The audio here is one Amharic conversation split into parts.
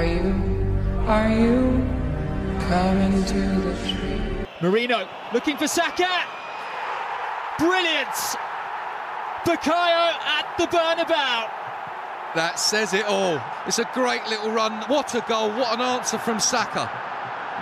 Are you, are you coming to the tree? Marino looking for Saka. Brilliant. Bukayo at the Burnabout. That says it all. It's a great little run. What a goal. What an answer from Saka.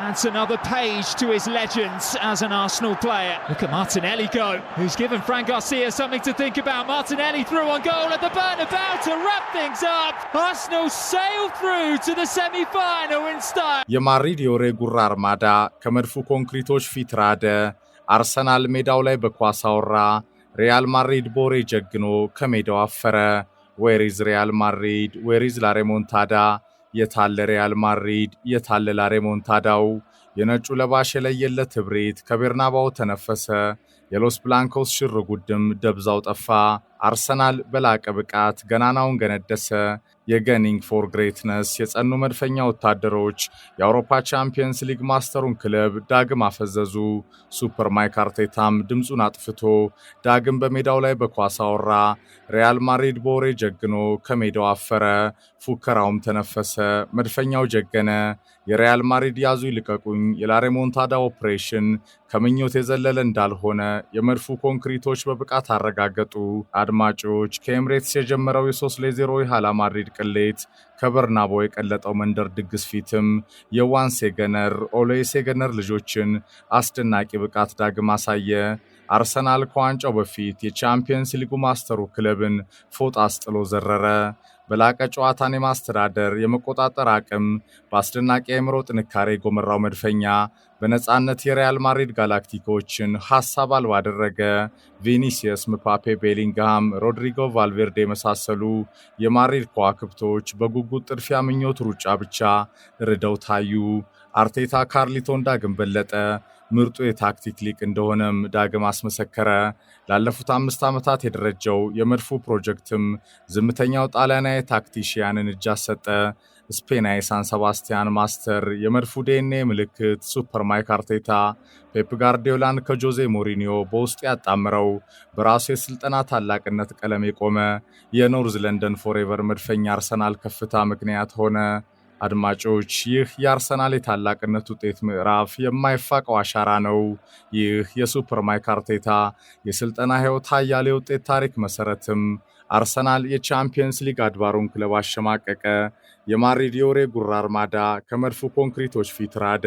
Adds another page to his legends as an Arsenal player. Look at Martinelli go, who's given Frank Garcia something to think about. Martinelli through on goal at the about to wrap things up. Arsenal sail through to the semi-final in style. የማድሪድ የወሬ ጉራ አርማዳ ከመድፉ ኮንክሪቶች ፊት ራደ። አርሰናል ሜዳው ላይ በኳስ አወራ። ሪያል ማድሪድ ቦሬ ጀግኖ ከሜዳው አፈረ። ዌሪዝ ሪያል ማድሪድ ዌሪዝ ላሬሞንታዳ የታለ ሪያል ማድሪድ? የታለ ላሬሞን ታዳው? የነጩ ለባሽ የለየለት ትብሪት ከቤርናባው ተነፈሰ። የሎስ ብላንኮስ ሽር ጉድም ደብዛው ጠፋ። አርሰናል በላቀ ብቃት ገናናውን ገነደሰ። የገኒንግ ፎር ግሬትነስ የጸኑ መድፈኛ ወታደሮች የአውሮፓ ቻምፒየንስ ሊግ ማስተሩን ክለብ ዳግም አፈዘዙ። ሱፐር ማይክ አርቴታም ድምፁን አጥፍቶ ዳግም በሜዳው ላይ በኳስ አወራ። ሪያል ማድሪድ በወሬ ጀግኖ ከሜዳው አፈረ። ፉከራውም ተነፈሰ። መድፈኛው ጀገነ። የሪያል ማድሪድ ያዙ ይልቀቁኝ የላሬሞንታዳ ኦፕሬሽን ከምኞት የዘለለ እንዳልሆነ የመድፉ ኮንክሪቶች በብቃት አረጋገጡ። አድማጮች ከኤምሬትስ የጀመረው የሶስት ለዜሮ የኋላ ማድሪድ ቅሌት ከበርናቦ የቀለጠው መንደር ድግስ ፊትም የዋን ሴገነር ኦሌ ሴገነር ልጆችን አስደናቂ ብቃት ዳግም አሳየ። አርሰናል ከዋንጫው በፊት የቻምፒየንስ ሊጉ ማስተሩ ክለብን ፎጣ አስጥሎ ዘረረ። በላቀ ጨዋታን የማስተዳደር የመቆጣጠር አቅም በአስደናቂ አይምሮ ጥንካሬ የጎመራው መድፈኛ በነፃነት የሪያል ማድሪድ ጋላክቲኮችን ሀሳብ አልባ አደረገ። ቪኒሲየስ፣ ምፓፔ፣ ቤሊንግሃም፣ ሮድሪጎ ቫልቬርዴ የመሳሰሉ የማድሪድ ከዋክብቶች በጉጉት ጥድፊያ ምኞት ሩጫ ብቻ ርደው ታዩ። አርቴታ ካርሊቶ ዳግም በለጠ። ምርጡ የታክቲክ ሊቅ እንደሆነም ዳግም አስመሰከረ። ላለፉት አምስት ዓመታት የደረጀው የመድፉ ፕሮጀክትም ዝምተኛው ጣሊያናዊ ታክቲሽያንን እጅ አሰጠ። ስፔናዊ ሳን ሰባስቲያን ማስተር፣ የመድፉ ዴኔ ምልክት ሱፐር ማይክ አርቴታ ፔፕ ጋርዲዮላን ከጆዜ ሞሪኒዮ በውስጡ ያጣምረው በራሱ የስልጠና ታላቅነት ቀለም የቆመ የኖርዝ ለንደን ፎሬቨር መድፈኛ አርሰናል ከፍታ ምክንያት ሆነ። አድማጮች ይህ የአርሰናል የታላቅነት ውጤት ምዕራፍ የማይፋቀው አሻራ ነው። ይህ የሱፐር ማይክ አርቴታ የስልጠና ሕይወት አያሌ ውጤት ታሪክ መሰረትም አርሰናል የቻምፒየንስ ሊግ አድባሩን ክለብ አሸማቀቀ። የማሪዲዮሬ ጉራ አርማዳ ከመድፉ ኮንክሪቶች ፊት ራደ።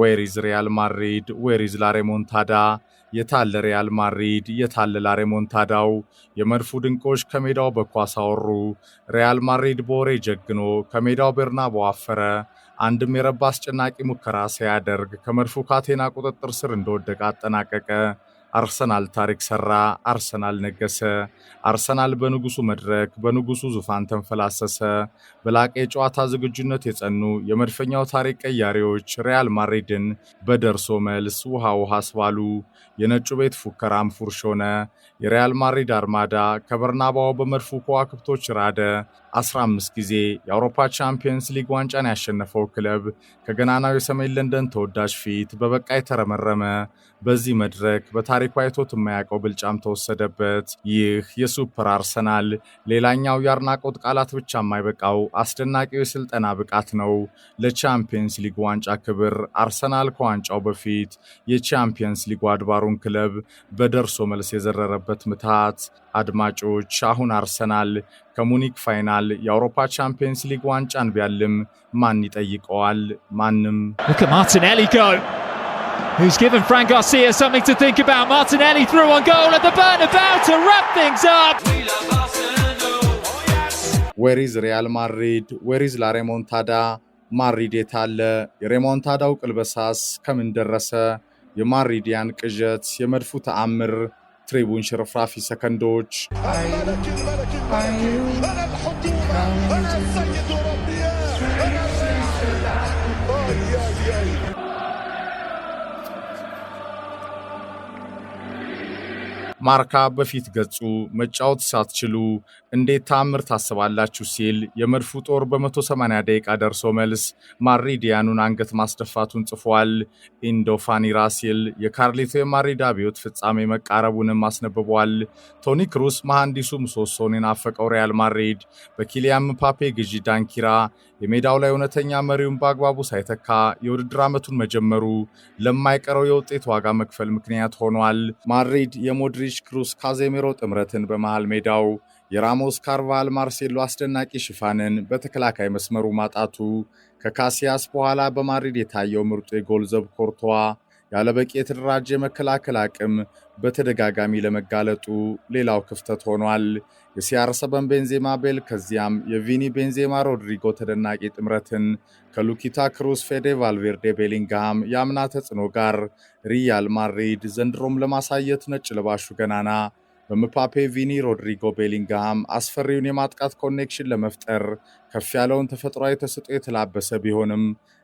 ዌሪዝ ሪያል ማድሪድ ዌሪዝ ላሬሞንታዳ የታለ ሪያል ማድሪድ የታለ ላሬሞንታዳው የመድፉ ድንቆች ከሜዳው በኳስ አወሩ ሪያል ማድሪድ በወሬ ጀግኖ ከሜዳው ቤርናቦ አፈረ አንድም የረባ አስጨናቂ ሙከራ ሳያደርግ ከመድፉ ካቴና ቁጥጥር ስር እንደወደቀ አጠናቀቀ አርሰናል ታሪክ ሰራ፣ አርሰናል ነገሰ፣ አርሰናል በንጉሱ መድረክ በንጉሱ ዙፋን ተንፈላሰሰ። በላቀ የጨዋታ ዝግጁነት የጸኑ የመድፈኛው ታሪክ ቀያሪዎች ሪያል ማድሪድን በደርሶ መልስ ውሃ ውሃ አስባሉ። የነጩ ቤት ፉከራም ፉርሽ ሆነ። የሪያል ማድሪድ አርማዳ ከበርናባው በመድፉ ከዋክብቶች ራደ። 15 ጊዜ የአውሮፓ ቻምፒየንስ ሊግ ዋንጫን ያሸነፈው ክለብ ከገናናው የሰሜን ለንደን ተወዳጅ ፊት በበቃ የተረመረመ በዚህ መድረክ በታሪኩ አይቶት የማያውቀው ብልጫም ተወሰደበት። ይህ የሱፐር አርሰናል ሌላኛው የአድናቆት ቃላት ብቻ የማይበቃው አስደናቂው የስልጠና ብቃት ነው። ለቻምፒየንስ ሊግ ዋንጫ ክብር አርሰናል ከዋንጫው በፊት የቻምፒየንስ ሊጉ አድባሩን ክለብ በደርሶ መልስ የዘረረበት ምታት አድማጮች አሁን አርሰናል ከሙኒክ ፋይናል የአውሮፓ ቻምፒየንስ ሊግ ዋንጫን ቢያልም ማን ይጠይቀዋል? ማንም who's given Frank Garcia something to think about. Martinelli through on goal at the Bernabeu to wrap things up. Where is Real Madrid? Where is La Remontada? ማድሪድ የታለ? የሬሞንታዳው ቅልበሳስ ከምን ደረሰ? የማድሪዲያን ቅዠት፣ የመድፉ ተአምር፣ ትሪቡን ሽርፍራፊ ሰከንዶች ማርካ በፊት ገጹ መጫወት ሳትችሉ እንዴት ተአምር ታስባላችሁ ሲል የመድፉ ጦር በ180 ደቂቃ ደርሶ መልስ ማሪዲያኑን አንገት ማስደፋቱን ጽፏል። ኢንዶፋኒ ራሲል የካርሊቶ የማድሪድ አብዮት ፍጻሜ መቃረቡንም አስነብቧል። ቶኒ ክሩስ መሐንዲሱ ምሰሶን የናፈቀው ሪያል ማድሪድ በኪሊያን ምፓፔ ግዢ ዳንኪራ የሜዳው ላይ እውነተኛ መሪውን በአግባቡ ሳይተካ የውድድር ዓመቱን መጀመሩ ለማይቀረው የውጤት ዋጋ መክፈል ምክንያት ሆኗል። ማድሪድ የሞድሪ ዮርጊሽ ክሩስ ካዜሚሮ ጥምረትን በመሃል ሜዳው የራሞስ ካርቫል ማርሴሎ አስደናቂ ሽፋንን በተከላካይ መስመሩ ማጣቱ ከካሲያስ በኋላ በማድሪድ የታየው ምርጡ የጎል ዘብ ኮርቶዋ ያለበቂ የተደራጀ የመከላከል አቅም በተደጋጋሚ ለመጋለጡ ሌላው ክፍተት ሆኗል። የሲያር ሰበን ቤንዜማ ቤል ከዚያም የቪኒ ቤንዜማ ሮድሪጎ ተደናቂ ጥምረትን ከሉኪታ ክሩስ፣ ፌዴ፣ ቫልቬርዴ፣ ቤሊንግሃም የአምና ተጽዕኖ ጋር ሪያል ማድሪድ ዘንድሮም ለማሳየት ነጭ ለባሹ ገናና በምፓፔ፣ ቪኒ፣ ሮድሪጎ፣ ቤሊንግሃም አስፈሪውን የማጥቃት ኮኔክሽን ለመፍጠር ከፍ ያለውን ተፈጥሯዊ ተሰጥኦ የተላበሰ ቢሆንም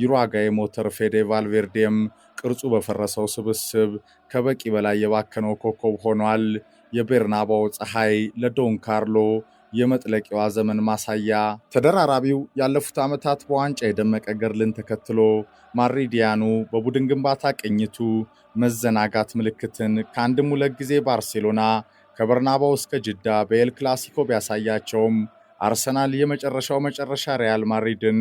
ዩሩጓይ ሞተር ፌዴ ቫልቬርዴም ቅርጹ በፈረሰው ስብስብ ከበቂ በላይ የባከነው ኮከብ ሆኗል። የቤርናባው ፀሐይ ለዶን ካርሎ የመጥለቂዋ ዘመን ማሳያ። ተደራራቢው ያለፉት ዓመታት በዋንጫ የደመቀ ገርልን ተከትሎ ማድሪዲያኑ በቡድን ግንባታ ቅኝቱ መዘናጋት ምልክትን ከአንድም ሁለት ጊዜ ባርሴሎና ከበርናባው እስከ ጅዳ በኤል ክላሲኮ ቢያሳያቸውም አርሰናል የመጨረሻው መጨረሻ ሪያል ማድሪድን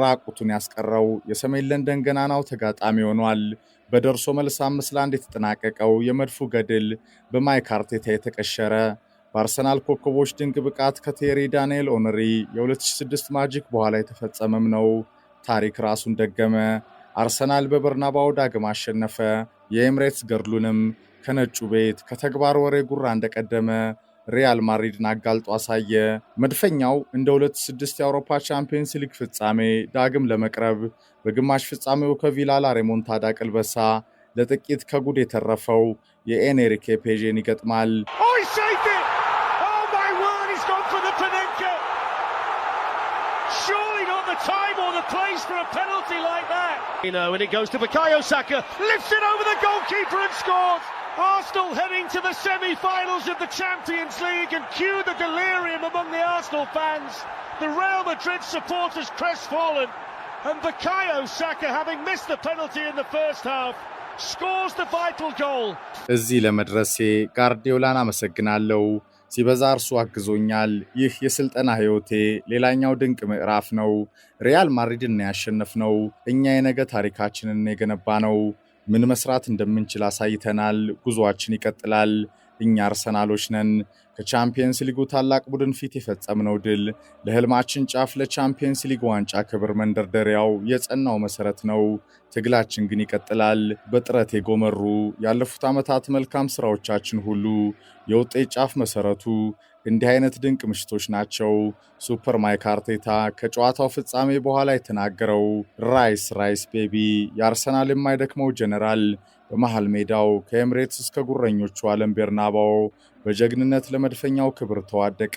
ራቁቱን ያስቀረው የሰሜን ለንደን ገናናው ተጋጣሚ ሆኗል። በደርሶ መልስ አምስት ለአንድ የተጠናቀቀው የመድፉ ገድል በማይክ አርቴታ የተቀሸረ በአርሰናል ኮከቦች ድንቅ ብቃት ከቴሪ ዳንኤል ኦነሪ የ2006 ማጂክ በኋላ የተፈጸመም ነው። ታሪክ ራሱን ደገመ። አርሰናል በበርናባው ዳግም አሸነፈ። የኤምሬትስ ገድሉንም ከነጩ ቤት ከተግባር ወሬ ጉራ እንደቀደመ ሪያል ማድሪድን አጋልጦ አሳየ። መድፈኛው እንደ 26 የአውሮፓ ቻምፒየንስ ሊግ ፍጻሜ ዳግም ለመቅረብ በግማሽ ፍጻሜው ከቪላላ ሬሞንታዳ ቅልበሳ ለጥቂት ከጉድ የተረፈው የኤኔሪኬ ፔዤን ይገጥማል። oh, You know, and it goes to Bukayo Saka, lifts it over the goalkeeper and scores. Arsenal heading to the semi finals of the Champions League and cue the delirium among the Arsenal fans. The Real Madrid supporters crestfallen. And Bakayo Saka, having missed the penalty in the first half, scores the vital goal. እዚህ ለመድረሴ ጋርዲዮላን አመሰግናለሁ። ሲበዛ እርሱ አግዞኛል። ይህ የስልጠና ህይወቴ ሌላኛው ድንቅ ምዕራፍ ነው። ሪያል ማድሪድን ያሸነፍነው እኛ የነገ ታሪካችንን የገነባ ነው። ምን መስራት እንደምንችል አሳይተናል። ጉዞአችን ይቀጥላል። እኛ አርሰናሎች ነን። ከቻምፒየንስ ሊጉ ታላቅ ቡድን ፊት የፈጸምነው ድል ለህልማችን ጫፍ ለቻምፒየንስ ሊግ ዋንጫ ክብር መንደርደሪያው የጸናው መሰረት ነው። ትግላችን ግን ይቀጥላል። በጥረት የጎመሩ ያለፉት ዓመታት መልካም ስራዎቻችን ሁሉ የውጤት ጫፍ መሰረቱ እንዲህ አይነት ድንቅ ምሽቶች ናቸው ሱፐር ማይክ አርቴታ ከጨዋታው ፍጻሜ በኋላ የተናገረው። ራይስ ራይስ ቤቢ የአርሰናል የማይደክመው ጀነራል በመሃል ሜዳው ከኤምሬትስ እስከ ጉረኞቹ አለም ቤርናባው በጀግንነት ለመድፈኛው ክብር ተዋደቀ።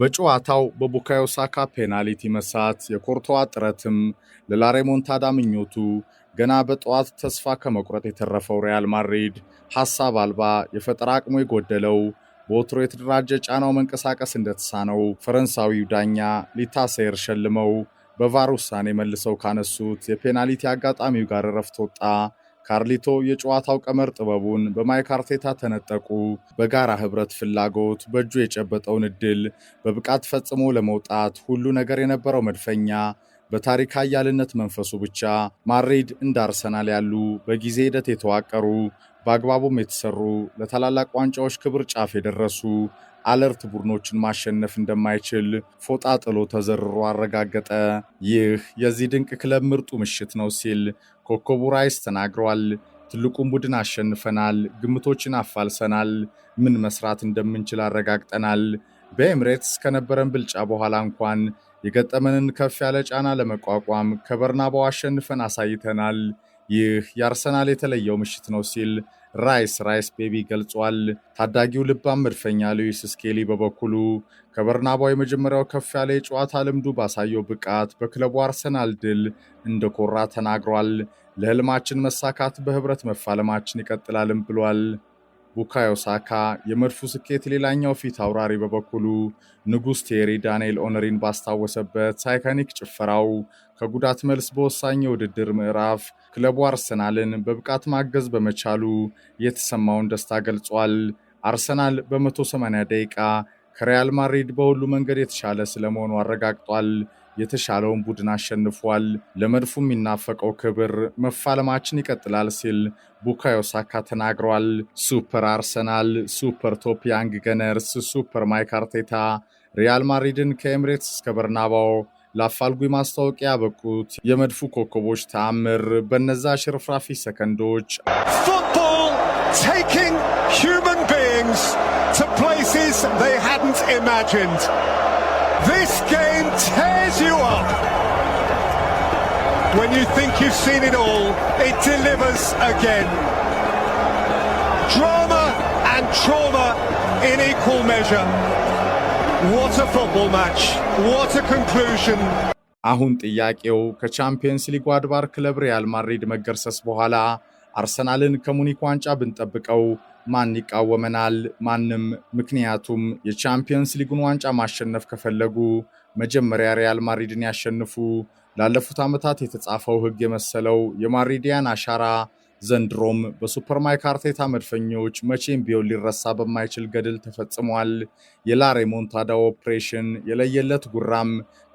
በጨዋታው በቡካዮ ሳካ ፔናልቲ መሳት የኮርቶዋ ጥረትም ለላሬሞንታዳ ምኞቱ ገና በጠዋት ተስፋ ከመቁረጥ የተረፈው ሪያል ማድሪድ ሐሳብ አልባ የፈጠራ አቅሙ የጎደለው በወትሮ የተደራጀ ጫናው መንቀሳቀስ እንደተሳነው ፈረንሳዊው ዳኛ ሊታሰየር ሸልመው በቫር ውሳኔ መልሰው ካነሱት የፔናልቲ አጋጣሚው ጋር እረፍት ወጣ። ካርሊቶ የጨዋታው ቀመር ጥበቡን በማይክ አርቴታ ተነጠቁ። በጋራ ህብረት ፍላጎት በእጁ የጨበጠውን እድል በብቃት ፈጽሞ ለመውጣት ሁሉ ነገር የነበረው መድፈኛ በታሪክ አያልነት መንፈሱ ብቻ ማድሪድ እንደ አርሰናል ያሉ በጊዜ ሂደት የተዋቀሩ በአግባቡም የተሰሩ ለታላላቅ ዋንጫዎች ክብር ጫፍ የደረሱ አለርት ቡድኖችን ማሸነፍ እንደማይችል ፎጣ ጥሎ ተዘርሮ አረጋገጠ። ይህ የዚህ ድንቅ ክለብ ምርጡ ምሽት ነው ሲል ኮከቡ ራይስ ተናግሯል። ትልቁን ቡድን አሸንፈናል፣ ግምቶችን አፋልሰናል፣ ምን መስራት እንደምንችል አረጋግጠናል። በኤምሬትስ ከነበረን ብልጫ በኋላ እንኳን የገጠመንን ከፍ ያለ ጫና ለመቋቋም ከበርናባው አሸንፈን አሳይተናል። ይህ የአርሰናል የተለየው ምሽት ነው ሲል ራይስ ራይስ ቤቢ ገልጿል። ታዳጊው ልባም መድፈኛ ሉዊስ ስኬሊ በበኩሉ ከበርናባው የመጀመሪያው ከፍ ያለ የጨዋታ ልምዱ ባሳየው ብቃት በክለቡ አርሰናል ድል እንደኮራ ተናግሯል። ለህልማችን መሳካት በህብረት መፋለማችን ይቀጥላልም ብሏል። ቡካዮ ሳካ የመድፉ ስኬት ሌላኛው ፊት አውራሪ በበኩሉ ንጉሥ ቴሪ ዳንኤል ኦነሪን ባስታወሰበት ሳይካኒክ ጭፈራው ከጉዳት መልስ በወሳኝ የውድድር ምዕራፍ ክለቡ አርሰናልን በብቃት ማገዝ በመቻሉ የተሰማውን ደስታ ገልጿል። አርሰናል በ180 ደቂቃ ከሪያል ማድሪድ በሁሉ መንገድ የተሻለ ስለመሆኑ አረጋግጧል። የተሻለውን ቡድን አሸንፏል። ለመድፉ የሚናፈቀው ክብር መፋለማችን ይቀጥላል ሲል ቡካዮ ሳካ ተናግሯል። ሱፐር አርሰናል፣ ሱፐር ቶፕ ያንግ ገነርስ፣ ሱፐር ማይክ አርቴታ ሪያል ማድሪድን ከኤምሬትስ እስከ በርናባው ለአፋልጉኝ ማስታወቂያ ያበቁት የመድፉ ኮከቦች ተአምር በነዛ ሽርፍራፊ ሰከንዶች ኢማጂንድ። This game tears you up. When you think you've seen it all, it delivers again. Drama and trauma in equal measure. What a football match. What a conclusion. አሁን ጥያቄው ከቻምፒየንስ ሊጉ አድባር ክለብ ሪያል ማድሪድ መገርሰስ በኋላ አርሰናልን ከሙኒክ ዋንጫ ብንጠብቀው ማን ይቃወመናል? ማንም። ምክንያቱም የቻምፒየንስ ሊጉን ዋንጫ ማሸነፍ ከፈለጉ መጀመሪያ ሪያል ማድሪድን ያሸንፉ። ላለፉት ዓመታት የተጻፈው ሕግ የመሰለው የማድሪዲያን አሻራ ዘንድሮም በሱፐር አርቴታ መድፈኞች መቼም ቢሆን ሊረሳ በማይችል ገድል ተፈጽሟል። የላሬሞንታዳ ኦፕሬሽን የለየለት ጉራም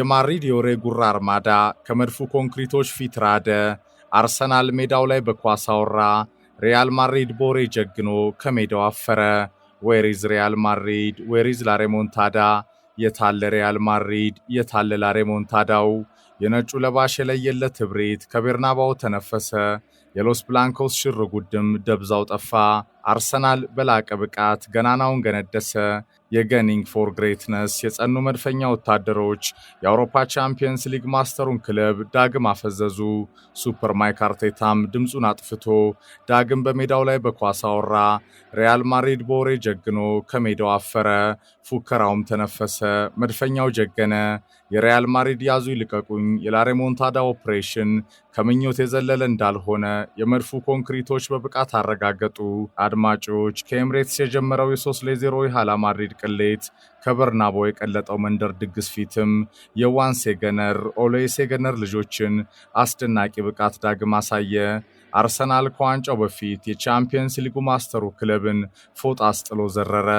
የማድሪድ የወሬ ጉራ አርማዳ ከመድፉ ኮንክሪቶች ፊት ራደ። አርሰናል ሜዳው ላይ በኳስ አወራ። ሪያል ማድሪድ ቦሬ ጀግኖ ከሜዳው አፈረ። ዌሪዝ ሪያል ማድሪድ ዌሪዝ ላሬሞንታዳ የታለ ሪያል ማድሪድ የታለ ላሬሞንታዳው? የነጩ ለባሽ የለየለት እብሪት ከቤርናባው ተነፈሰ። የሎስ ብላንኮስ ሽር ጉድም ደብዛው ጠፋ። አርሰናል በላቀ ብቃት ገናናውን ገነደሰ። የገኒንግ ፎር ግሬትነስ የጸኑ መድፈኛ ወታደሮች የአውሮፓ ቻምፒየንስ ሊግ ማስተሩን ክለብ ዳግም አፈዘዙ። ሱፐር ማይክ አርቴታም ድምፁን አጥፍቶ ዳግም በሜዳው ላይ በኳስ አወራ። ሪያል ማድሪድ በወሬ ጀግኖ ከሜዳው አፈረ። ፉከራውም ተነፈሰ፣ መድፈኛው ጀገነ። የሪያል ማድሪድ ያዙ ይልቀቁኝ የላሬሞንታዳ ኦፕሬሽን ከምኞት የዘለለ እንዳልሆነ የመድፉ ኮንክሪቶች በብቃት አረጋገጡ። አድማጮች ከኤምሬትስ የጀመረው የሶስት ለዜሮ የኋላ ማድሪድ ቅሌት ከበርናቦ የቀለጠው መንደር ድግስ ፊትም የዋን ሴገነር ኦሌ ሴገነር ልጆችን አስደናቂ ብቃት ዳግም አሳየ። አርሰናል ከዋንጫው በፊት የቻምፒየንስ ሊጉ ማስተሩ ክለብን ፎጣ አስጥሎ ዘረረ።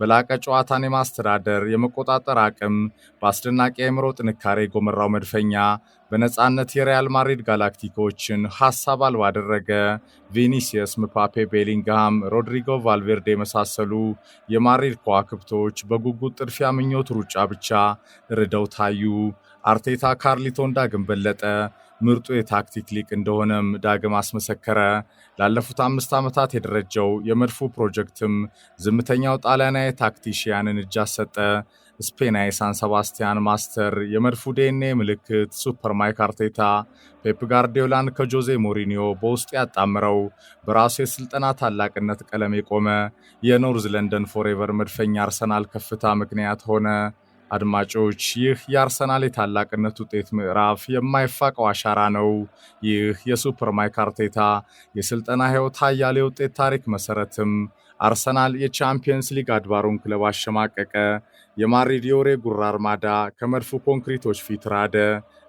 በላቀ ጨዋታን የማስተዳደር የመቆጣጠር አቅም በአስደናቂ አእምሮ ጥንካሬ የጎመራው መድፈኛ በነፃነት የሪያል ማድሪድ ጋላክቲኮችን ሀሳብ አልባ አደረገ። ቪኒሲየስ፣ ምፓፔ፣ ቤሊንግሃም፣ ሮድሪጎ ቫልቬርዴ የመሳሰሉ የማድሪድ ከዋክብቶች በጉጉት ጥድፊያ ምኞት ሩጫ ብቻ ርደው ታዩ። አርቴታ ካርሊቶ ዳግም በለጠ። ምርጡ የታክቲክ ሊቅ እንደሆነም ዳግም አስመሰከረ። ላለፉት አምስት ዓመታት የደረጀው የመድፉ ፕሮጀክትም ዝምተኛው ጣሊያናዊ ታክቲሽያንን እጅ አሰጠ። ስፔናዊ ሳን ሰባስቲያን ማስተር፣ የመድፉ ዴኔ ምልክት ሱፐር ማይክ አርቴታ ፔፕ ጋርዲዮላን ከጆዜ ሞሪኒዮ በውስጡ ያጣምረው በራሱ የስልጠና ታላቅነት ቀለም የቆመ የኖርዝ ለንደን ፎሬቨር መድፈኛ አርሰናል ከፍታ ምክንያት ሆነ። አድማጮች ይህ የአርሰናል የታላቅነት ውጤት ምዕራፍ የማይፋቀው አሻራ ነው። ይህ የሱፐር ማይክ አርቴታ የስልጠና ህይወት አያሌ ውጤት ታሪክ መሰረትም። አርሰናል የቻምፒየንስ ሊግ አድባሩን ክለብ አሸማቀቀ። የማሪዲዮሬ ጉራ አርማዳ ከመድፉ ኮንክሪቶች ፊት ራደ።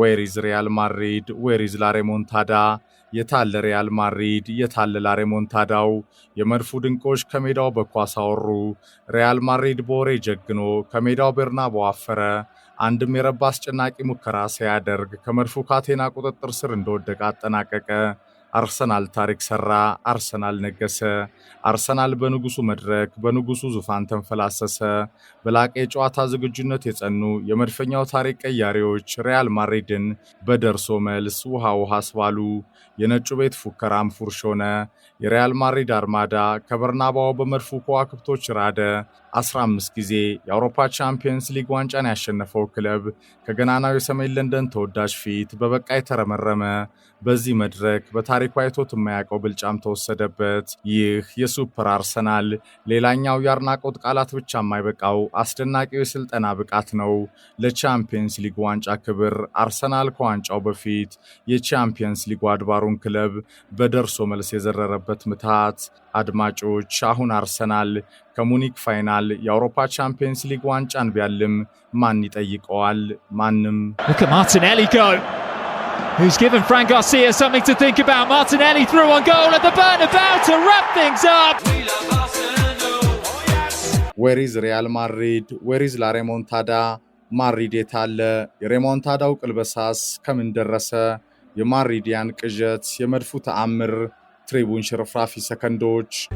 ዌሪዝ ሪያል ማድሪድ ዌሪዝ ላሬሞንታዳ የታለ ሪያል ማድሪድ የታለ ላሬሞንታዳው የመድፉ ድንቆች ከሜዳው በኳስ አወሩ ሪያል ማድሪድ በወሬ ጀግኖ ከሜዳው ቤርናቦ አፈረ አንድም የረባ አስጨናቂ ሙከራ ሲያደርግ ከመድፉ ካቴና ቁጥጥር ስር እንደወደቀ አጠናቀቀ አርሰናል ታሪክ ሰራ፣ አርሰናል ነገሰ፣ አርሰናል በንጉሱ መድረክ በንጉሱ ዙፋን ተንፈላሰሰ። በላቀ የጨዋታ ዝግጁነት የጸኑ የመድፈኛው ታሪክ ቀያሪዎች ሪያል ማድሪድን በደርሶ መልስ ውሃ ውሃ አስባሉ። የነጩ ቤት ፉከራም ፉርሽ ሆነ። የሪያል ማድሪድ አርማዳ ከበርናባው በመድፉ ከዋክብቶች ራደ። 15 ጊዜ የአውሮፓ ቻምፒየንስ ሊግ ዋንጫን ያሸነፈው ክለብ ከገናናው የሰሜን ለንደን ተወዳጅ ፊት በበቃ የተረመረመ። በዚህ መድረክ በታሪኩ አይቶት የማያውቀው ብልጫም ተወሰደበት። ይህ የሱፐር አርሰናል ሌላኛው የአድናቆት ቃላት ብቻ የማይበቃው አስደናቂው የስልጠና ብቃት ነው። ለቻምፒየንስ ሊግ ዋንጫ ክብር አርሰናል ከዋንጫው በፊት የቻምፒየንስ ሊጉ አድባሩን ክለብ በደርሶ መልስ የዘረረበት ምትሃት። አድማጮች አሁን አርሰናል ከሙኒክ ፋይናል የአውሮፓ ቻምፒየንስ ሊግ ዋንጫን ቢያልም ማን ይጠይቀዋል? ማንም። ዌሪዝ ሪያል ማድሪድ ዌሪዝ ላሬሞንታዳ ማድሪድ የታለ? የሬሞንታዳው ቅልበሳስ ከምን ደረሰ? የማድሪዲያን ቅዠት የመድፉ ተአምር ትሪቡን ሽርፍራፊ ሰከንዶች